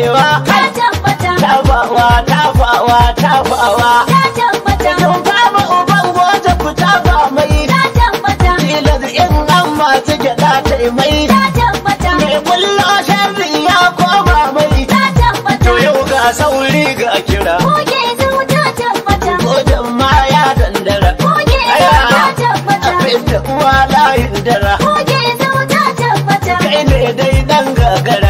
arewa ka tabbata tafawa tafawa tafawa ka tabbata kun fama uban wata ku tafa mai ka tabbata tilas in nan masu gyaɗa ta mai ka tabbata mai kullo sharri ya koma mai ka tabbata to yau ga sauri ga kira goge ta tabbata gojen ma ya dandara goge zuta tabbata abin da uwa layin dara goge ta tabbata kai ne dai dan gagara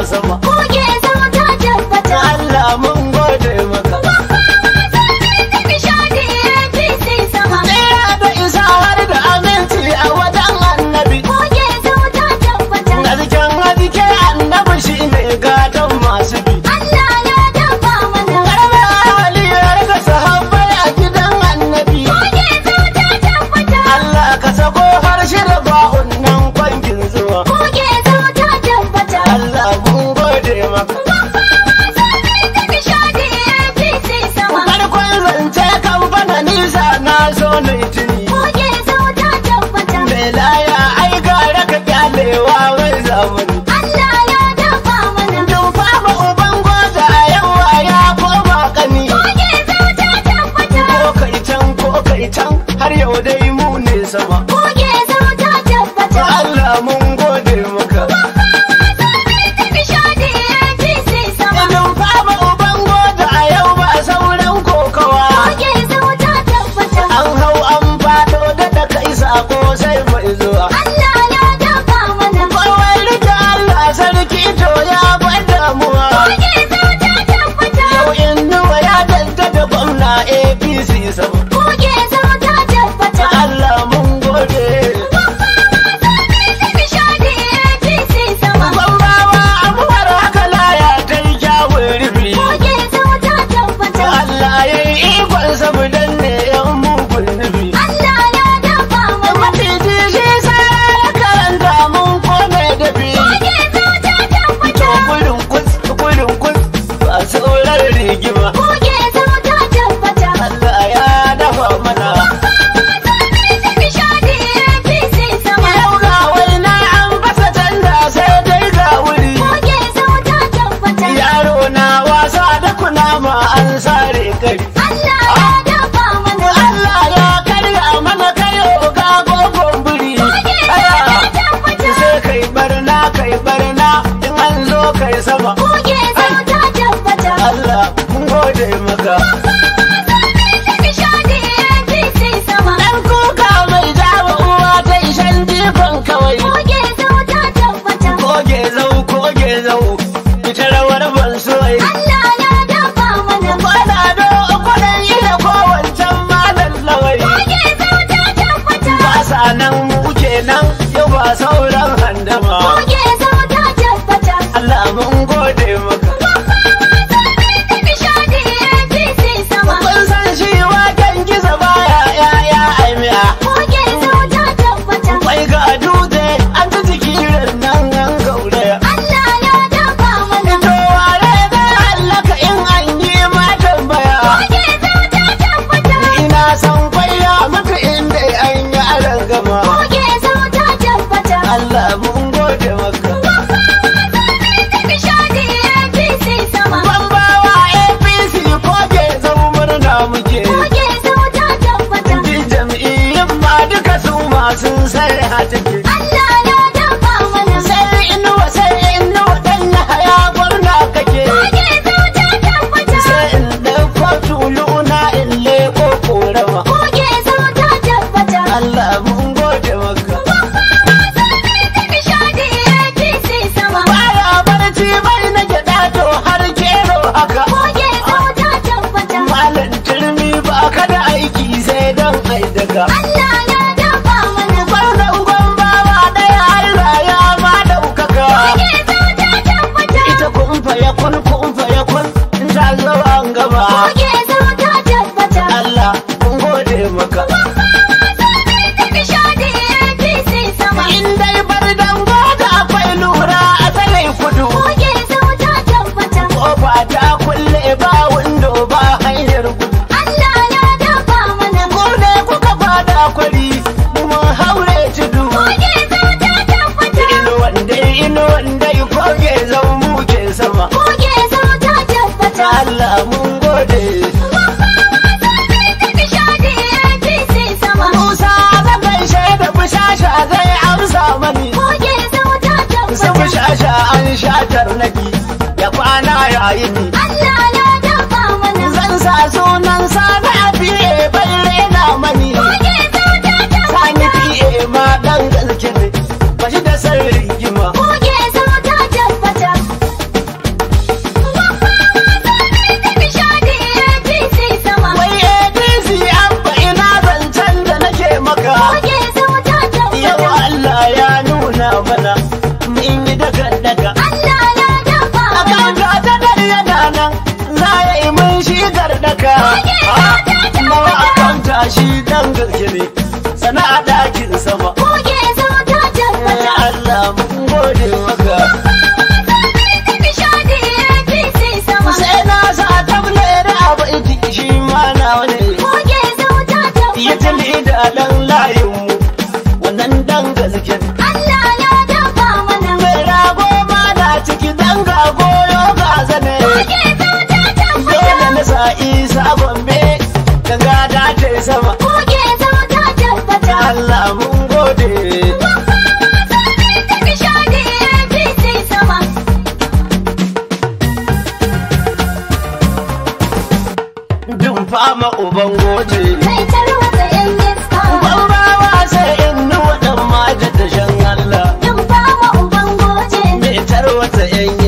I'm a. அவன் APC 7 a nan nan yau ba sauran ba 哎。fama uban goje. Mai tarwata yan iska. Mai tarwata yan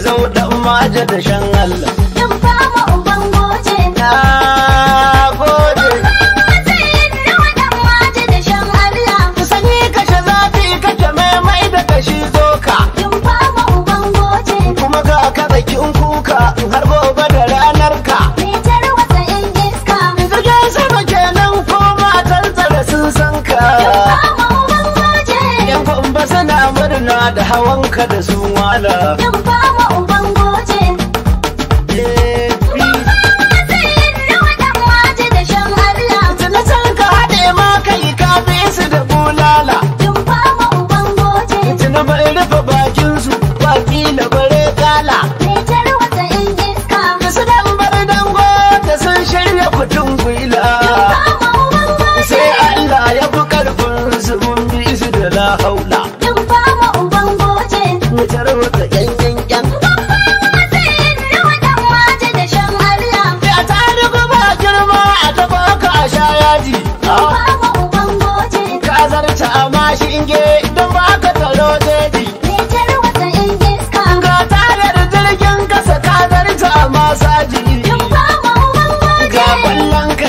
zo da umaje da shan Allah. Yan fama uban goje. Ah.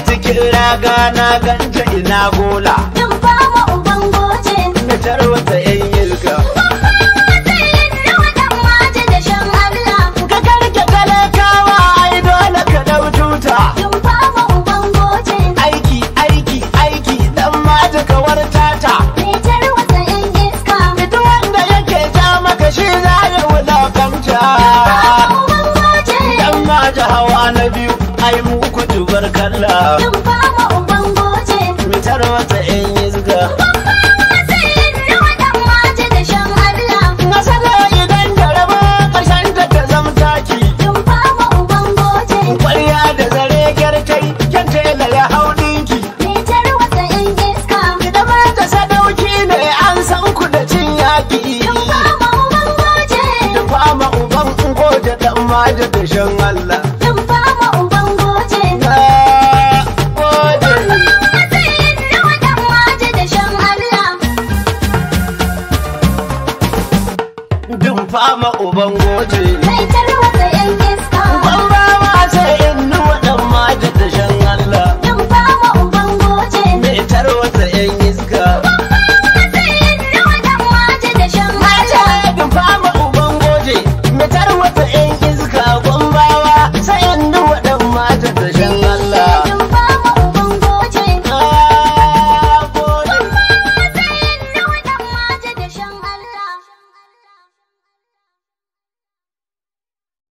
cikin raga na ganta ina gola. In wa Ubangoje. uban kama da Allah